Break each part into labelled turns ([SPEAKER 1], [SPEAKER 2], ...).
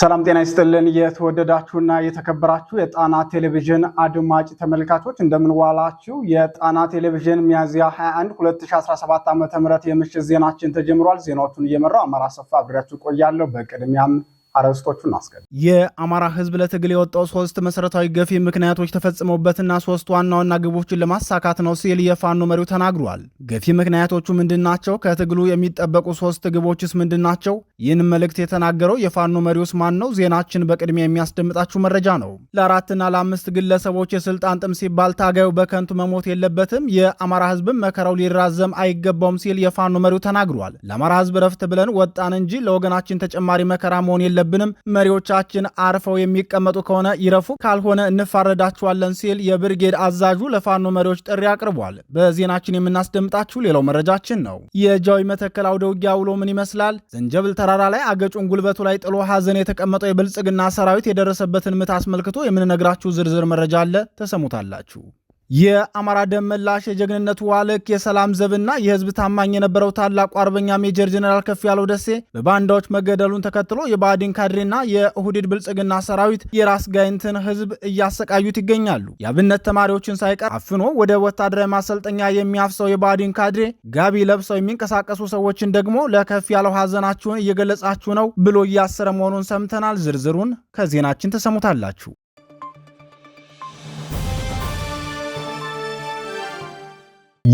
[SPEAKER 1] ሰላም ጤና ይስጥልን። የተወደዳችሁና የተከበራችሁ የጣና ቴሌቪዥን አድማጭ ተመልካቾች እንደምንዋላችሁ። የጣና ቴሌቪዥን ሚያዝያ 21 2017 ዓ ም የምሽት ዜናችን ተጀምሯል። ዜናዎቹን እየመራው አማራ ሰፋ አብሬያችሁ ቆያለሁ። በቅድሚያም አርዕስቶቹ እናስገድ።
[SPEAKER 2] የአማራ ህዝብ ለትግል የወጣው ሶስት መሰረታዊ ገፊ ምክንያቶች ተፈጽመውበትና ሶስት ዋና ዋና ግቦችን ለማሳካት ነው ሲል የፋኖ መሪው ተናግሯል። ገፊ ምክንያቶቹ ምንድናቸው? ከትግሉ የሚጠበቁ ሶስት ግቦችስ ምንድናቸው? ይህን መልእክት የተናገረው የፋኖ መሪውስ ማን ነው? ዜናችን በቅድሚያ የሚያስደምጣችሁ መረጃ ነው። ለአራትና ለአምስት ግለሰቦች የስልጣን ጥም ሲባል ታጋዩ በከንቱ መሞት የለበትም፣ የአማራ ህዝብም መከራው ሊራዘም አይገባውም ሲል የፋኖ መሪው ተናግሯል። ለአማራ ህዝብ ረፍት ብለን ወጣን እንጂ ለወገናችን ተጨማሪ መከራ መሆን የለበትም የለብንም። መሪዎቻችን አርፈው የሚቀመጡ ከሆነ ይረፉ፣ ካልሆነ እንፋረዳችኋለን ሲል የብርጌድ አዛዡ ለፋኖ መሪዎች ጥሪ አቅርቧል። በዜናችን የምናስደምጣችሁ ሌላው መረጃችን ነው። የጃዊ መተከል አውደ ውጊያ ውሎ ምን ይመስላል? ዘንጀብል ተራራ ላይ አገጩን ጉልበቱ ላይ ጥሎ ሀዘን የተቀመጠው የብልጽግና ሰራዊት የደረሰበትን ምት አስመልክቶ የምንነግራችሁ ዝርዝር መረጃ አለ። ተሰሙታላችሁ። የአማራ ደም መላሽ የጀግንነቱ ዋልክ የሰላም ዘብና የህዝብ ታማኝ የነበረው ታላቁ አርበኛ ሜጀር ጀኔራል ያለው ደሴ በባንዳዎች መገደሉን ተከትሎ የባዕዲን ካድሬና የእሁድድ ብልጽግና ሰራዊት የራስ ጋይንትን ህዝብ እያሰቃዩት ይገኛሉ። የአብነት ተማሪዎችን ሳይቀር አፍኖ ወደ ወታደራዊ ማሰልጠኛ የሚያፍሰው የባዕዲን ካድሬ ጋቢ ለብሰው የሚንቀሳቀሱ ሰዎችን ደግሞ ለከፍ ያለው ሀዘናችሁን እየገለጻችሁ ነው ብሎ እያሰረ መሆኑን ሰምተናል። ዝርዝሩን ከዜናችን ተሰሙታላችሁ።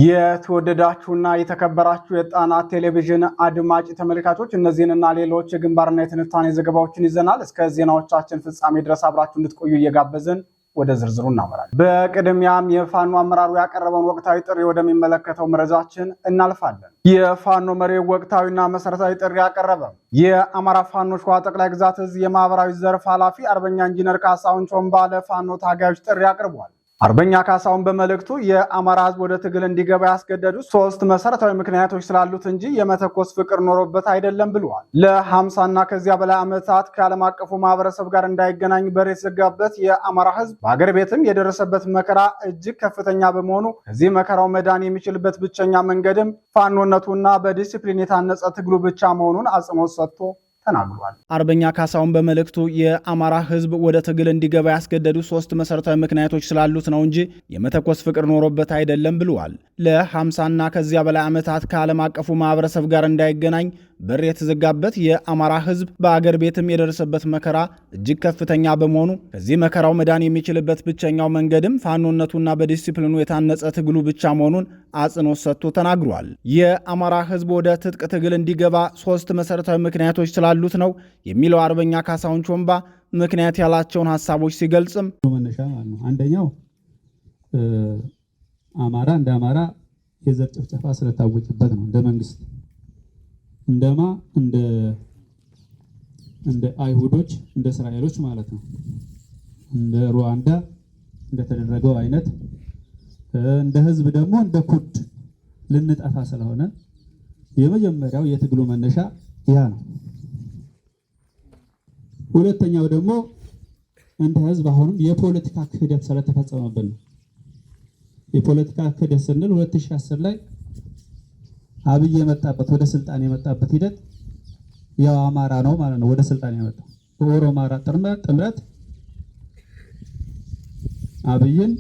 [SPEAKER 1] የተወደዳችሁና የተከበራችሁ የጣና ቴሌቪዥን አድማጭ ተመልካቾች እነዚህንና ሌሎች የግንባርና የትንታኔ ዘገባዎችን ይዘናል። እስከ ዜናዎቻችን ፍጻሜ ድረስ አብራችሁ እንድትቆዩ እየጋበዝን ወደ ዝርዝሩ እናመራለን። በቅድሚያም የፋኖ አመራሩ ያቀረበውን ወቅታዊ ጥሪ ወደሚመለከተው መረጃችን እናልፋለን። የፋኖ መሪ ወቅታዊና መሰረታዊ ጥሪ ያቀረበ የአማራ ፋኖ ሸዋ ጠቅላይ ግዛት እዝ የማህበራዊ ዘርፍ ኃላፊ አርበኛ ኢንጂነር ካሳሁን ቾምባ ለፋኖ ታጋዮች ጥሪ አቅርቧል። አርበኛ ካሳሁን በመልእክቱ የአማራ ህዝብ ወደ ትግል እንዲገባ ያስገደዱ ሶስት መሰረታዊ ምክንያቶች ስላሉት እንጂ የመተኮስ ፍቅር ኖሮበት አይደለም ብለዋል። ለሀምሳና ከዚያ በላይ ዓመታት ከዓለም አቀፉ ማህበረሰብ ጋር እንዳይገናኝ በር የተዘጋበት የአማራ ህዝብ በአገር ቤትም የደረሰበት መከራ እጅግ ከፍተኛ በመሆኑ ከዚህ መከራው መዳን የሚችልበት ብቸኛ መንገድም ፋኖነቱና በዲሲፕሊን የታነጸ ትግሉ ብቻ መሆኑን አጽንኦት ሰጥቶ ተናግሯል።
[SPEAKER 2] አርበኛ ካሳውን በመልእክቱ የአማራ ህዝብ ወደ ትግል እንዲገባ ያስገደዱ ሶስት መሰረታዊ ምክንያቶች ስላሉት ነው እንጂ የመተኮስ ፍቅር ኖሮበት አይደለም ብለዋል። ለ50ና ከዚያ በላይ ዓመታት ከዓለም አቀፉ ማህበረሰብ ጋር እንዳይገናኝ በር የተዘጋበት የአማራ ህዝብ በአገር ቤትም የደረሰበት መከራ እጅግ ከፍተኛ በመሆኑ ከዚህ መከራው መዳን የሚችልበት ብቸኛው መንገድም ፋኖነቱና በዲሲፕሊኑ የታነጸ ትግሉ ብቻ መሆኑን አጽንኦት ሰጥቶ ተናግሯል። የአማራ ህዝብ ወደ ትጥቅ ትግል እንዲገባ ሶስት መሠረታዊ ምክንያቶች ስላሉት ነው የሚለው አርበኛ ካሳሁን ቾምባ ምክንያት ያላቸውን ሀሳቦች ሲገልጽም
[SPEAKER 3] መነሻ አንደኛው አማራ እንደ አማራ የዘር ጭፍጨፋ ስለታወጭበት ነው እንደ መንግስት እንደማ እንደ እንደ አይሁዶች እንደ እስራኤሎች ማለት ነው። እንደ ሩዋንዳ እንደተደረገው አይነት እንደ ህዝብ ደግሞ እንደ ኩድ ልንጠፋ ስለሆነ የመጀመሪያው የትግሉ መነሻ ያ ነው። ሁለተኛው ደግሞ እንደ ህዝብ አሁንም የፖለቲካ ክህደት ስለተፈጸመብን ነው። የፖለቲካ ክህደት ስንል 2010 ላይ አብይ የመጣበት ወደ ስልጣን የመጣበት ሂደት ያው አማራ ነው ማለት ነው። ወደ ስልጣን የመጣ በኦሮሞ አማራ ጥምረት አብይን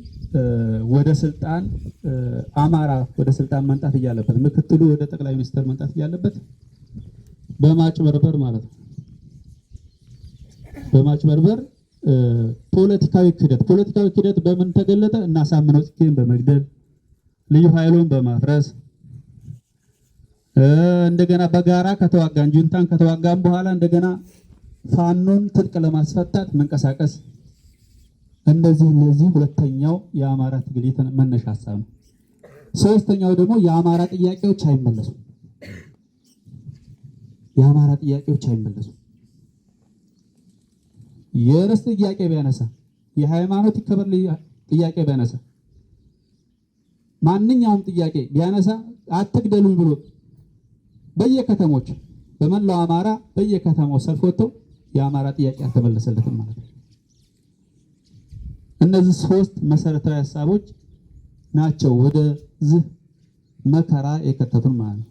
[SPEAKER 3] ወደ ስልጣን አማራ ወደ ስልጣን መምጣት እያለበት ምክትሉ ወደ ጠቅላይ ሚኒስትር መምጣት እያለበት በማጭበርበር ማለት ነው። በማጭበርበር ፖለቲካዊ ክደት ፖለቲካዊ ክደት በምን ተገለጠ? ሳምነው ጽጌን በመግደል ልዩ ኃይሉን በማፍረስ እንደገና በጋራ ከተዋጋን ጁንታን ከተዋጋን በኋላ እንደገና ፋኖን ትጥቅ ለማስፈታት መንቀሳቀስ እንደዚህ እነዚህ ሁለተኛው የአማራ ትግል መነሻ ሀሳብ ነው። ሶስተኛው ደግሞ የአማራ ጥያቄዎች አይመለሱም። የአማራ ጥያቄዎች አይመለሱም። የርስ ጥያቄ ቢያነሳ፣ የሃይማኖት ይከበር ጥያቄ ቢያነሳ፣ ማንኛውም ጥያቄ ቢያነሳ አትግደሉኝ ብሎ በየከተሞች በመላው አማራ በየከተማው ሰልፍ ወጥቶ የአማራ ጥያቄ አልተመለሰለትም ማለት ነው። እነዚህ ሶስት መሰረታዊ ሀሳቦች ናቸው ወደዚህ መከራ የከተቱን ማለት ነው።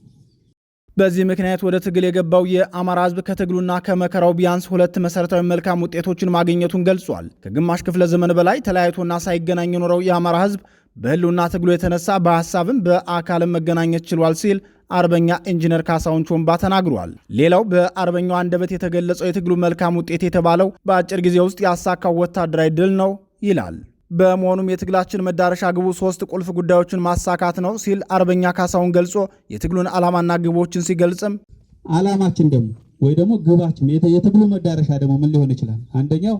[SPEAKER 2] በዚህ ምክንያት ወደ ትግል የገባው የአማራ ህዝብ ከትግሉና ከመከራው ቢያንስ ሁለት መሰረታዊ መልካም ውጤቶችን ማግኘቱን ገልጿል። ከግማሽ ክፍለ ዘመን በላይ ተለያይቶና ሳይገናኝ የኖረው የአማራ ህዝብ በህልውና ትግሉ የተነሳ በሀሳብም በአካልም መገናኘት ችሏል ሲል አርበኛ ኢንጂነር ካሳሁን ቾምባ ተናግሯል። ሌላው በአርበኛው አንደበት የተገለጸው የትግሉ መልካም ውጤት የተባለው በአጭር ጊዜ ውስጥ ያሳካው ወታደራዊ ድል ነው ይላል። በመሆኑም የትግላችን መዳረሻ ግቡ ሶስት ቁልፍ ጉዳዮችን ማሳካት ነው ሲል አርበኛ ካሳሁን ገልጾ የትግሉን ዓላማና ግቦችን ሲገልጽም
[SPEAKER 3] ዓላማችን ደግሞ ወይ ደግሞ ግባችን የትግሉ መዳረሻ ደግሞ ምን ሊሆን ይችላል? አንደኛው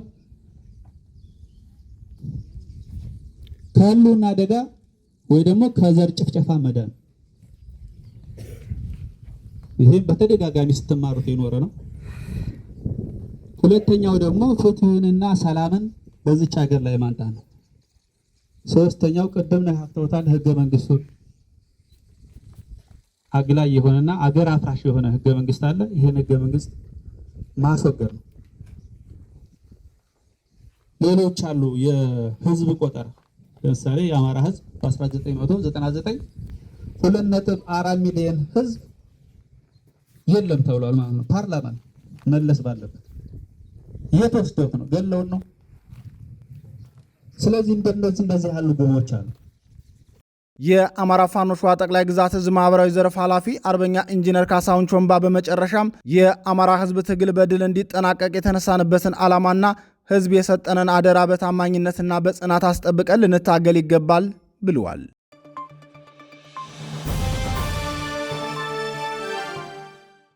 [SPEAKER 3] ከህልውና አደጋ ወይ ደግሞ ከዘር ጭፍጨፋ መዳን ይሄ በተደጋጋሚ ስትማሩት የኖረ ነው። ሁለተኛው ደግሞ ፍትህንና ሰላምን በዚች ሀገር ላይ ማንጣ ነው። ሶስተኛው ቅድም ነካክተውታል፣ ህገ መንግስቱ አግላይ የሆነና አገር አፍራሽ የሆነ ህገ መንግስት አለ። ይህን ህገ መንግስት ማስወገድ ነው። ሌሎች አሉ። የህዝብ ቆጠራ ለምሳሌ የአማራ ህዝብ በ1999 ሁለት ነጥብ አራት ሚሊዮን ህዝብ የለም ተብሏል ማለት ነው። ፓርላማ መለስ ባለበት የተፍቶት ነው ገለውን ነው። ስለዚህ እንደነዚህ እንደዚህ ያሉ ግቦች አሉ።
[SPEAKER 2] የአማራ ፋኖ ሸዋ ጠቅላይ ግዛት ህዝብ ማህበራዊ ዘርፍ ኃላፊ አርበኛ ኢንጂነር ካሳሁን ቾምባ በመጨረሻም የአማራ ህዝብ ትግል በድል እንዲጠናቀቅ የተነሳንበትን ዓላማና ህዝብ የሰጠንን አደራ በታማኝነትና በጽናት አስጠብቀን ልንታገል ይገባል ብለዋል።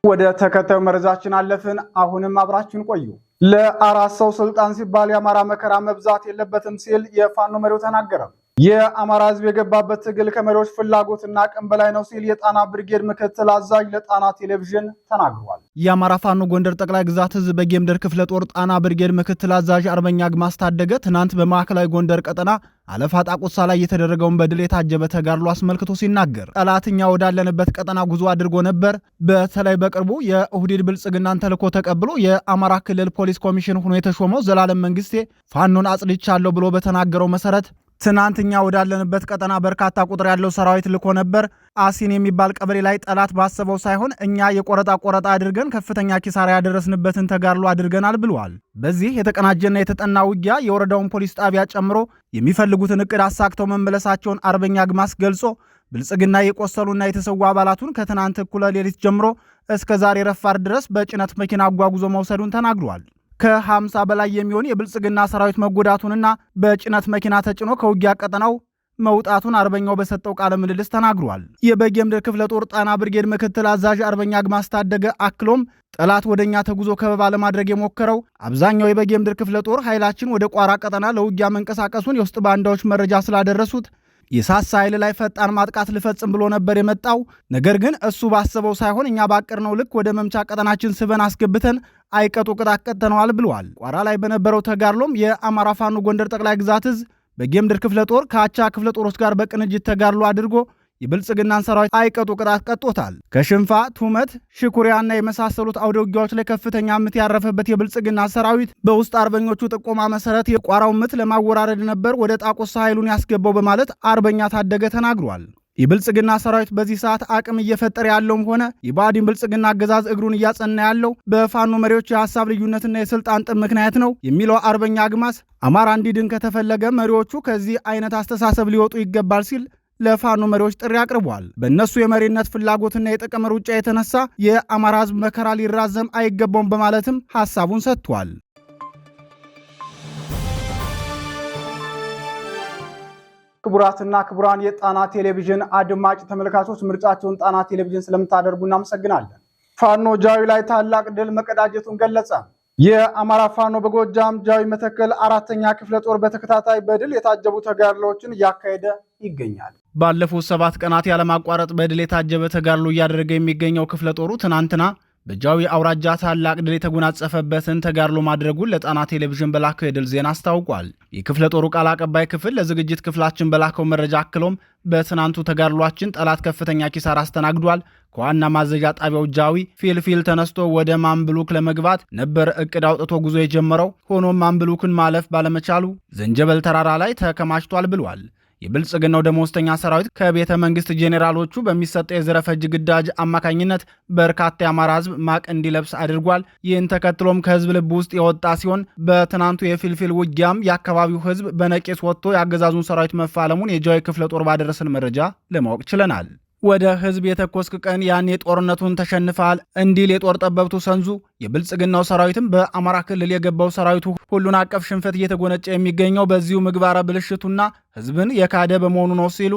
[SPEAKER 1] ወደ ተከታዩ መረጃችን አለፍን። አሁንም አብራችን ቆዩ። ለአራት ሰው ስልጣን ሲባል የአማራ መከራ መብዛት የለበትም ሲል የፋኖ መሪው ተናገረ። የአማራ ህዝብ የገባበት ትግል ከመሪዎች ፍላጎትና አቅም በላይ ነው ሲል የጣና ብርጌድ ምክትል አዛዥ ለጣና ቴሌቪዥን ተናግሯል።
[SPEAKER 2] የአማራ ፋኖ ጎንደር ጠቅላይ ግዛት ህዝብ በጌምደር ክፍለ ጦር ጣና ብርጌድ ምክትል አዛዥ አርበኛ ግማስ ታደገ ትናንት በማዕከላዊ ጎንደር ቀጠና አለፋ ጣቁሳ ላይ የተደረገውን በድል የታጀበ ተጋድሎ አስመልክቶ ሲናገር ጠላትኛ ወዳለንበት ቀጠና ጉዞ አድርጎ ነበር። በተለይ በቅርቡ የኦህዴድ ብልጽግናን ተልዕኮ ተቀብሎ የአማራ ክልል ፖሊስ ኮሚሽን ሆኖ የተሾመው ዘላለም መንግስቴ ፋኖን አጽድቻለሁ ብሎ በተናገረው መሰረት ትናንትኛ ወዳለንበት ቀጠና በርካታ ቁጥር ያለው ሰራዊት ልኮ ነበር። አሲን የሚባል ቀበሌ ላይ ጠላት ባሰበው ሳይሆን እኛ የቆረጣ ቆረጣ አድርገን ከፍተኛ ኪሳራ ያደረስንበትን ተጋድሎ አድርገናል ብለዋል። በዚህ የተቀናጀና የተጠና ውጊያ የወረዳውን ፖሊስ ጣቢያ ጨምሮ የሚፈልጉትን እቅድ አሳክተው መመለሳቸውን አርበኛ ግማስ ገልጾ ብልጽግና የቆሰሉና የተሰዉ አባላቱን ከትናንት እኩለ ሌሊት ጀምሮ እስከ ዛሬ ረፋር ድረስ በጭነት መኪና አጓጉዞ መውሰዱን ተናግሯል። ከ50 በላይ የሚሆን የብልጽግና ሰራዊት መጎዳቱንና በጭነት መኪና ተጭኖ ከውጊያ ቀጠናው መውጣቱን አርበኛው በሰጠው ቃለ ምልልስ ተናግሯል። የበጌምድር ክፍለ ጦር ጣና ብርጌድ ምክትል አዛዥ አርበኛ ግማስ ታደገ አክሎም ጠላት ወደ እኛ ተጉዞ ከበባ ለማድረግ የሞከረው አብዛኛው የበጌምድር ክፍለ ጦር ኃይላችን ወደ ቋራ ቀጠና ለውጊያ መንቀሳቀሱን የውስጥ ባንዳዎች መረጃ ስላደረሱት የሳሳ ኃይል ላይ ፈጣን ማጥቃት ልፈጽም ብሎ ነበር የመጣው። ነገር ግን እሱ ባሰበው ሳይሆን እኛ ባቀድነው ልክ ወደ መምቻ ቀጠናችን ስበን አስገብተን አይቀጡ ቅጣት ቀጥተነዋል ብለዋል። ቋራ ላይ በነበረው ተጋድሎም የአማራ ጎንደር ጠቅላይ ግዛት እዝ በጌምድር ክፍለ ጦር ከአቻ ክፍለ ጦሮች ጋር በቅንጅት ተጋድሎ አድርጎ የብልጽግናን ሰራዊት አይቀጡ ቅጣት ቀጦታል። ከሽንፋ ቱመት፣ ሽኩሪያና የመሳሰሉት አውደ ውጊያዎች ላይ ከፍተኛ ምት ያረፈበት የብልጽግና ሰራዊት በውስጥ አርበኞቹ ጥቆማ መሰረት የቋራው ምት ለማወራረድ ነበር ወደ ጣቁሳ ኃይሉን ያስገባው በማለት አርበኛ ታደገ ተናግሯል። የብልጽግና ሰራዊት በዚህ ሰዓት አቅም እየፈጠረ ያለውም ሆነ የባዲን ብልጽግና አገዛዝ እግሩን እያጸና ያለው በፋኖ መሪዎች የሀሳብ ልዩነትና የስልጣን ጥም ምክንያት ነው የሚለው አርበኛ አግማስ አማራ እንዲድን ከተፈለገ መሪዎቹ ከዚህ አይነት አስተሳሰብ ሊወጡ ይገባል ሲል ለፋኖ መሪዎች ጥሪ አቅርቧል። በእነሱ የመሪነት ፍላጎትና የጥቅም ሩጫ የተነሳ የአማራ ህዝብ መከራ ሊራዘም አይገባውም በማለትም ሀሳቡን ሰጥቷል።
[SPEAKER 1] ክቡራትና ክቡራን የጣና ቴሌቪዥን አድማጭ ተመልካቾች ምርጫቸውን ጣና ቴሌቪዥን ስለምታደርጉ እናመሰግናለን። ፋኖ ጃዊ ላይ ታላቅ ድል መቀዳጀቱን ገለጸ። የአማራ ፋኖ በጎጃም ጃዊ መተከል አራተኛ ክፍለ ጦር በተከታታይ በድል የታጀቡ ተጋድሎዎችን እያካሄደ ይገኛል።
[SPEAKER 2] ባለፉት ሰባት ቀናት ያለማቋረጥ በድል የታጀበ ተጋድሎ እያደረገ የሚገኘው ክፍለ ጦሩ ትናንትና በጃዊ አውራጃ ታላቅ ድል የተጎናጸፈበትን ተጋድሎ ማድረጉን ለጣና ቴሌቪዥን በላከው የድል ዜና አስታውቋል። የክፍለ ጦሩ ቃል አቀባይ ክፍል ለዝግጅት ክፍላችን በላከው መረጃ አክሎም በትናንቱ ተጋድሏችን ጠላት ከፍተኛ ኪሳራ አስተናግዷል። ከዋና ማዘዣ ጣቢያው ጃዊ ፊልፊል ተነስቶ ወደ ማምብሉክ ለመግባት ነበር እቅድ አውጥቶ ጉዞ የጀመረው። ሆኖም ማምብሉክን ማለፍ ባለመቻሉ ዘንጀበል ተራራ ላይ ተከማችቷል ብሏል። የብልጽግናው ደመወዝተኛ ሰራዊት ከቤተ መንግስት ጄኔራሎቹ በሚሰጠው የዘረፈጅ ግዳጅ አማካኝነት በርካታ የአማራ ህዝብ ማቅ እንዲለብስ አድርጓል። ይህን ተከትሎም ከህዝብ ልብ ውስጥ የወጣ ሲሆን በትናንቱ የፊልፊል ውጊያም የአካባቢው ህዝብ በነቂስ ወጥቶ የአገዛዙን ሰራዊት መፋለሙን የጃዊ ክፍለ ጦር ባደረሰን መረጃ ለማወቅ ችለናል። ወደ ህዝብ የተኮስክ ቀን ያኔ ጦርነቱን ተሸንፈሃል እንዲል የጦር ጠበብቱ ሰንዙ የብልጽግናው ሰራዊትም በአማራ ክልል የገባው ሰራዊቱ ሁሉን አቀፍ ሽንፈት እየተጎነጨ የሚገኘው በዚሁ ምግባረ ብልሽቱና ህዝብን የካደ በመሆኑ ነው ሲሉ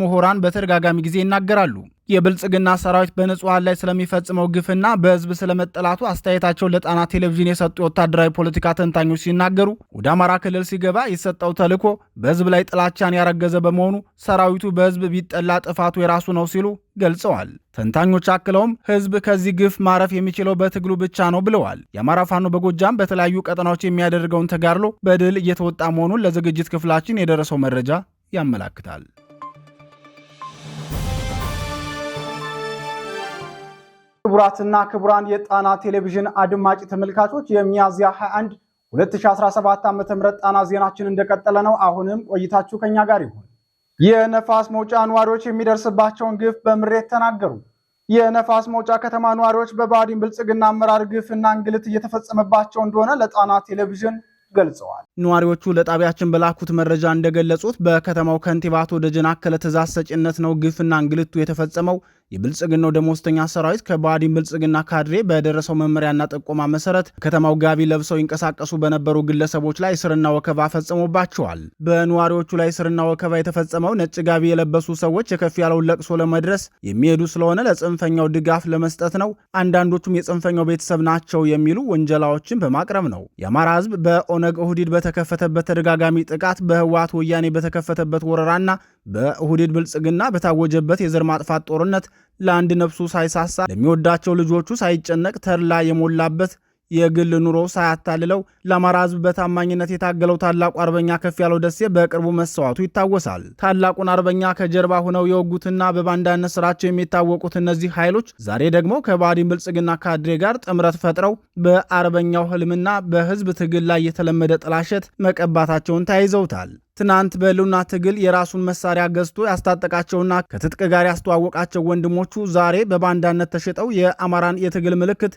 [SPEAKER 2] ምሁራን በተደጋጋሚ ጊዜ ይናገራሉ። የብልጽግና ሰራዊት በንጹሐን ላይ ስለሚፈጽመው ግፍና በህዝብ ስለመጠላቱ አስተያየታቸውን ለጣና ቴሌቪዥን የሰጡ የወታደራዊ ፖለቲካ ተንታኞች ሲናገሩ ወደ አማራ ክልል ሲገባ የሰጠው ተልዕኮ በህዝብ ላይ ጥላቻን ያረገዘ በመሆኑ ሰራዊቱ በህዝብ ቢጠላ ጥፋቱ የራሱ ነው ሲሉ ገልጸዋል። ተንታኞች አክለውም ህዝብ ከዚህ ግፍ ማረፍ የሚችለው በትግሉ ብቻ ነው ብለዋል። የአማራ ፋኖ በጎጃም በተለያዩ ቀጠናዎች የሚያደርገውን ተጋድሎ በድል እየተወጣ መሆኑን ለዝግጅት ክፍላችን የደረሰው መረጃ ያመላክታል።
[SPEAKER 1] ክቡራትና ክቡራን የጣና ቴሌቪዥን አድማጭ ተመልካቾች የሚያዝያ 21 2017 ዓ.ም ጣና ዜናችን እንደቀጠለ ነው። አሁንም ቆይታችሁ ከኛ ጋር ይሁን። የነፋስ መውጫ ነዋሪዎች የሚደርስባቸውን ግፍ በምሬት ተናገሩ። የነፋስ መውጫ ከተማ ነዋሪዎች በባዲን ብልጽግና አመራር ግፍና እንግልት እየተፈጸመባቸው እንደሆነ ለጣና ቴሌቪዥን ገልጸዋል።
[SPEAKER 2] ነዋሪዎቹ ለጣቢያችን በላኩት መረጃ እንደገለጹት በከተማው ከንቲባ አቶ ደጀን አከለ ትእዛዝ ሰጪነት ነው ግፍና እንግልቱ የተፈጸመው። የብልጽግናው ደሞዝተኛ ሰራዊት ከባዕዲን ብልጽግና ካድሬ በደረሰው መመሪያና ጥቆማ መሰረት ከተማው ጋቢ ለብሰው ይንቀሳቀሱ በነበሩ ግለሰቦች ላይ ስርና ወከባ ፈጽሞባቸዋል። በነዋሪዎቹ ላይ ስርና ወከባ የተፈጸመው ነጭ ጋቢ የለበሱ ሰዎች የከፍ ያለውን ለቅሶ ለመድረስ የሚሄዱ ስለሆነ ለጽንፈኛው ድጋፍ ለመስጠት ነው፣ አንዳንዶቹም የጽንፈኛው ቤተሰብ ናቸው የሚሉ ወንጀላዎችን በማቅረብ ነው። የአማራ ህዝብ በኦነግ ኦህዲድ በተከፈተበት ተደጋጋሚ ጥቃት፣ በህወሓት ወያኔ በተከፈተበት ወረራና በእሁድድ ብልጽግና በታወጀበት የዘር ማጥፋት ጦርነት ለአንድ ነፍሱ ሳይሳሳ ለሚወዳቸው ልጆቹ ሳይጨነቅ ተድላ የሞላበት የግል ኑሮ ሳያታልለው ለአማራ ህዝብ በታማኝነት የታገለው ታላቁ አርበኛ ከፍ ያለው ደሴ በቅርቡ መሰዋቱ ይታወሳል። ታላቁን አርበኛ ከጀርባ ሆነው የወጉትና በባንዳነት ስራቸው የሚታወቁት እነዚህ ኃይሎች ዛሬ ደግሞ ከባዲን ብልጽግና ካድሬ ጋር ጥምረት ፈጥረው በአርበኛው ህልምና በህዝብ ትግል ላይ የተለመደ ጥላሸት መቀባታቸውን ተያይዘውታል። ትናንት በህልውና ትግል የራሱን መሳሪያ ገዝቶ ያስታጠቃቸውና ከትጥቅ ጋር ያስተዋወቃቸው ወንድሞቹ ዛሬ በባንዳነት ተሸጠው የአማራን የትግል ምልክት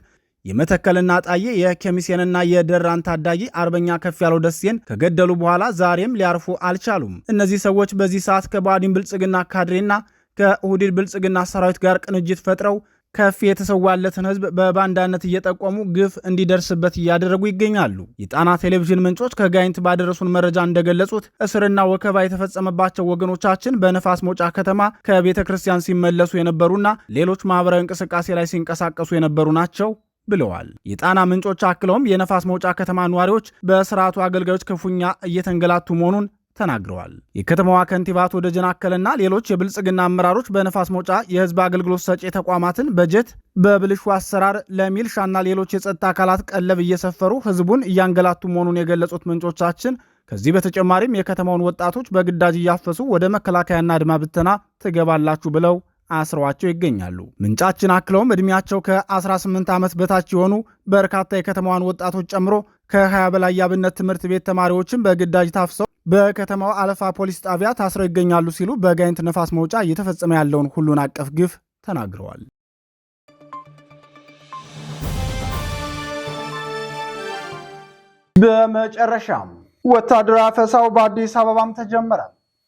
[SPEAKER 2] የመተከልና ጣዬ የኬሚሴንና የደራን ታዳጊ አርበኛ ከፍ ያለው ደሴን ከገደሉ በኋላ ዛሬም ሊያርፉ አልቻሉም። እነዚህ ሰዎች በዚህ ሰዓት ከባዲን ብልጽግና ካድሬና ከኦህዴድ ብልጽግና ሰራዊት ጋር ቅንጅት ፈጥረው ከፍ የተሰዋለትን ህዝብ በባንዳነት እየጠቆሙ ግፍ እንዲደርስበት እያደረጉ ይገኛሉ። የጣና ቴሌቪዥን ምንጮች ከጋይንት ባደረሱን መረጃ እንደገለጹት እስርና ወከባ የተፈጸመባቸው ወገኖቻችን በነፋስ መውጫ ከተማ ከቤተ ክርስቲያን ሲመለሱ የነበሩና ሌሎች ማህበራዊ እንቅስቃሴ ላይ ሲንቀሳቀሱ የነበሩ ናቸው ብለዋል። የጣና ምንጮች አክለውም የነፋስ መውጫ ከተማ ነዋሪዎች በስርዓቱ አገልጋዮች ክፉኛ እየተንገላቱ መሆኑን ተናግረዋል። የከተማዋ ከንቲባ አቶ ደጀን አከለና ሌሎች የብልጽግና አመራሮች በነፋስ መውጫ የህዝብ አገልግሎት ሰጪ ተቋማትን በጀት በብልሹ አሰራር ለሚልሻና ሌሎች የጸጥታ አካላት ቀለብ እየሰፈሩ ህዝቡን እያንገላቱ መሆኑን የገለጹት ምንጮቻችን ከዚህ በተጨማሪም የከተማውን ወጣቶች በግዳጅ እያፈሱ ወደ መከላከያና አድማ ብተና ትገባላችሁ ብለው አስረዋቸው ይገኛሉ። ምንጫችን አክለውም ዕድሜያቸው ከ18 ዓመት በታች የሆኑ በርካታ የከተማዋን ወጣቶች ጨምሮ ከ20 በላይ የአብነት ትምህርት ቤት ተማሪዎችን በግዳጅ ታፍሰው በከተማው አለፋ ፖሊስ ጣቢያ ታስረው ይገኛሉ ሲሉ በጋይንት ነፋስ መውጫ እየተፈጸመ ያለውን ሁሉን አቀፍ ግፍ ተናግረዋል።
[SPEAKER 1] በመጨረሻም ወታደራዊ አፈሳው በአዲስ አበባም ተጀመረ።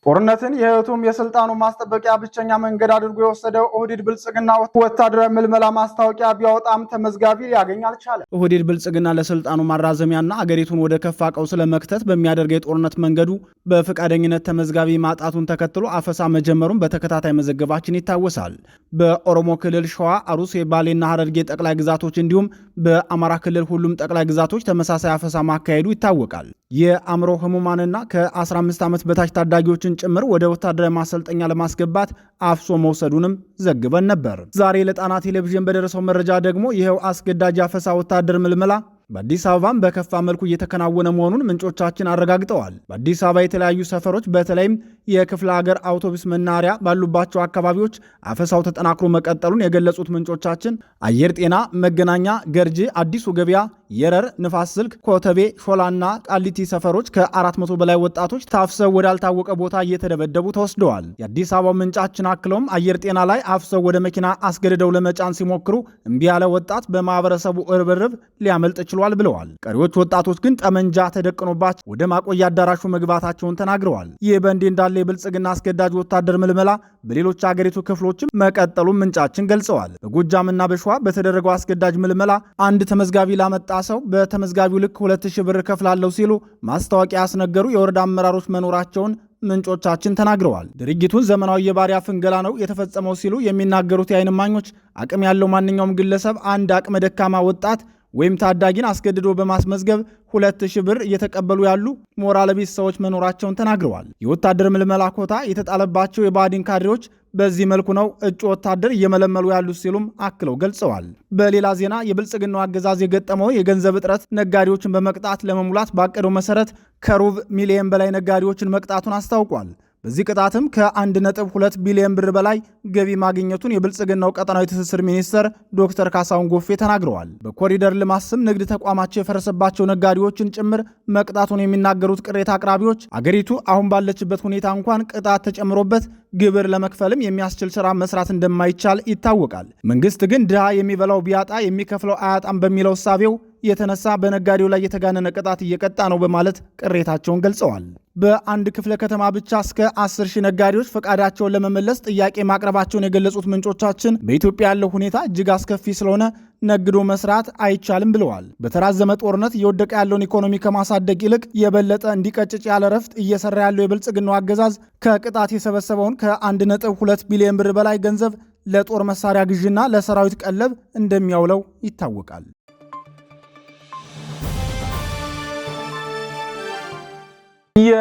[SPEAKER 1] ጦርነትን የህይወቱም የስልጣኑ ማስጠበቂያ ብቸኛ መንገድ አድርጎ የወሰደው ኦህዴድ ብልጽግና ወታደራዊ ምልመላ ማስታወቂያ ቢያወጣም ተመዝጋቢ ሊያገኝ አልቻለ።
[SPEAKER 2] ኦህዴድ ብልጽግና ለስልጣኑ ማራዘሚያና አገሪቱን ወደ ከፋ ቀውስ ለመክተት በሚያደርገ የጦርነት መንገዱ በፈቃደኝነት ተመዝጋቢ ማጣቱን ተከትሎ አፈሳ መጀመሩን በተከታታይ መዘገባችን ይታወሳል። በኦሮሞ ክልል ሸዋ፣ አሩሴ፣ ባሌና ሀረርጌ ጠቅላይ ግዛቶች እንዲሁም በአማራ ክልል ሁሉም ጠቅላይ ግዛቶች ተመሳሳይ አፈሳ ማካሄዱ ይታወቃል። የአእምሮ ህሙማንና ከ15 ዓመት በታች ታዳጊዎችን ተማሪዎችን ጭምር ወደ ወታደራዊ ማሰልጠኛ ለማስገባት አፍሶ መውሰዱንም ዘግበን ነበር። ዛሬ ለጣና ቴሌቪዥን በደረሰው መረጃ ደግሞ ይኸው አስገዳጅ አፈሳ ወታደር ምልመላ በአዲስ አበባም በከፋ መልኩ እየተከናወነ መሆኑን ምንጮቻችን አረጋግጠዋል። በአዲስ አበባ የተለያዩ ሰፈሮች በተለይም የክፍለ ሀገር አውቶቡስ መናኸሪያ ባሉባቸው አካባቢዎች አፈሳው ተጠናክሮ መቀጠሉን የገለጹት ምንጮቻችን አየር ጤና፣ መገናኛ፣ ገርጂ፣ አዲሱ ገበያ፣ የረር፣ ንፋስ ስልክ፣ ኮተቤ፣ ሾላና ቃሊቲ ሰፈሮች ከ400 በላይ ወጣቶች ታፍሰው ወዳልታወቀ ቦታ እየተደበደቡ ተወስደዋል። የአዲስ አበባ ምንጫችን አክለውም አየር ጤና ላይ አፍሰው ወደ መኪና አስገድደው ለመጫን ሲሞክሩ እምቢ ያለ ወጣት በማህበረሰቡ እርብርብ ሊያመልጥ ችሏል ችሏል ብለዋል። ቀሪዎች ወጣቶች ግን ጠመንጃ ተደቅኖባቸው ወደ ማቆያ አዳራሹ መግባታቸውን ተናግረዋል። ይህ በእንዲህ እንዳለ የብልጽግና አስገዳጅ ወታደር ምልመላ በሌሎች አገሪቱ ክፍሎችም መቀጠሉን ምንጫችን ገልጸዋል። በጎጃምና በሸዋ በተደረገው አስገዳጅ ምልመላ አንድ ተመዝጋቢ ላመጣ ሰው በተመዝጋቢው ልክ ሁለት ብር ከፍላለሁ ሲሉ ማስታወቂያ ያስነገሩ የወረዳ አመራሮች መኖራቸውን ምንጮቻችን ተናግረዋል። ድርጊቱን ዘመናዊ የባሪያ ፍንገላ ነው የተፈጸመው ሲሉ የሚናገሩት የአይን እማኞች አቅም ያለው ማንኛውም ግለሰብ አንድ አቅመ ደካማ ወጣት ወይም ታዳጊን አስገድዶ በማስመዝገብ ሁለት ሺህ ብር እየተቀበሉ ያሉ ሞራል ቢስ ሰዎች መኖራቸውን ተናግረዋል። የወታደር ምልመላ ኮታ የተጣለባቸው የባዲን ካድሬዎች በዚህ መልኩ ነው እጩ ወታደር እየመለመሉ ያሉት ሲሉም አክለው ገልጸዋል። በሌላ ዜና የብልጽግናው አገዛዝ የገጠመው የገንዘብ እጥረት ነጋዴዎችን በመቅጣት ለመሙላት ባቀደው መሰረት ከሩብ ሚሊየን በላይ ነጋዴዎችን መቅጣቱን አስታውቋል። በዚህ ቅጣትም ከ1.2 ቢሊዮን ብር በላይ ገቢ ማግኘቱን የብልጽግናው ቀጠናዊ ትስስር ሚኒስተር ዶክተር ካሳሁን ጎፌ ተናግረዋል። በኮሪደር ልማት ስም ንግድ ተቋማቸው የፈረሰባቸው ነጋዴዎችን ጭምር መቅጣቱን የሚናገሩት ቅሬታ አቅራቢዎች አገሪቱ አሁን ባለችበት ሁኔታ እንኳን ቅጣት ተጨምሮበት ግብር ለመክፈልም የሚያስችል ስራ መስራት እንደማይቻል ይታወቃል። መንግስት ግን ድሃ የሚበላው ቢያጣ የሚከፍለው አያጣም በሚለው እሳቤው የተነሳ በነጋዴው ላይ የተጋነነ ቅጣት እየቀጣ ነው በማለት ቅሬታቸውን ገልጸዋል። በአንድ ክፍለ ከተማ ብቻ እስከ 10 ሺህ ነጋዴዎች ፈቃዳቸውን ለመመለስ ጥያቄ ማቅረባቸውን የገለጹት ምንጮቻችን በኢትዮጵያ ያለው ሁኔታ እጅግ አስከፊ ስለሆነ ነግዶ መስራት አይቻልም ብለዋል። በተራዘመ ጦርነት እየወደቀ ያለውን ኢኮኖሚ ከማሳደግ ይልቅ የበለጠ እንዲቀጭጭ ያለ ረፍት እየሰራ ያለው የብልጽግናው አገዛዝ ከቅጣት የሰበሰበውን ከ1.2 ቢሊዮን ብር በላይ ገንዘብ ለጦር መሳሪያ ግዥና ለሰራዊት ቀለብ እንደሚያውለው ይታወቃል።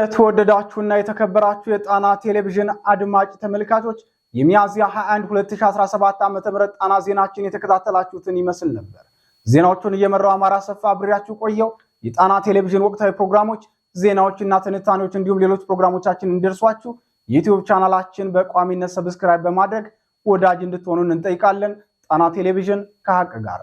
[SPEAKER 1] የተወደዳችሁና የተከበራችሁ የጣና ቴሌቪዥን አድማጭ ተመልካቾች የሚያዝያ 21 2017 ዓ.ም ጣና ዜናችን የተከታተላችሁትን ይመስል ነበር። ዜናዎቹን እየመራው አማራ ሰፋ አብሬያችሁ ቆየው። የጣና ቴሌቪዥን ወቅታዊ ፕሮግራሞች፣ ዜናዎችና ትንታኔዎች እንዲሁም ሌሎች ፕሮግራሞቻችን እንዲደርሷችሁ ዩቲዩብ ቻናላችን በቋሚነት ሰብስክራይብ በማድረግ ወዳጅ እንድትሆኑን እንጠይቃለን። ጣና ቴሌቪዥን ከሀቅ ጋር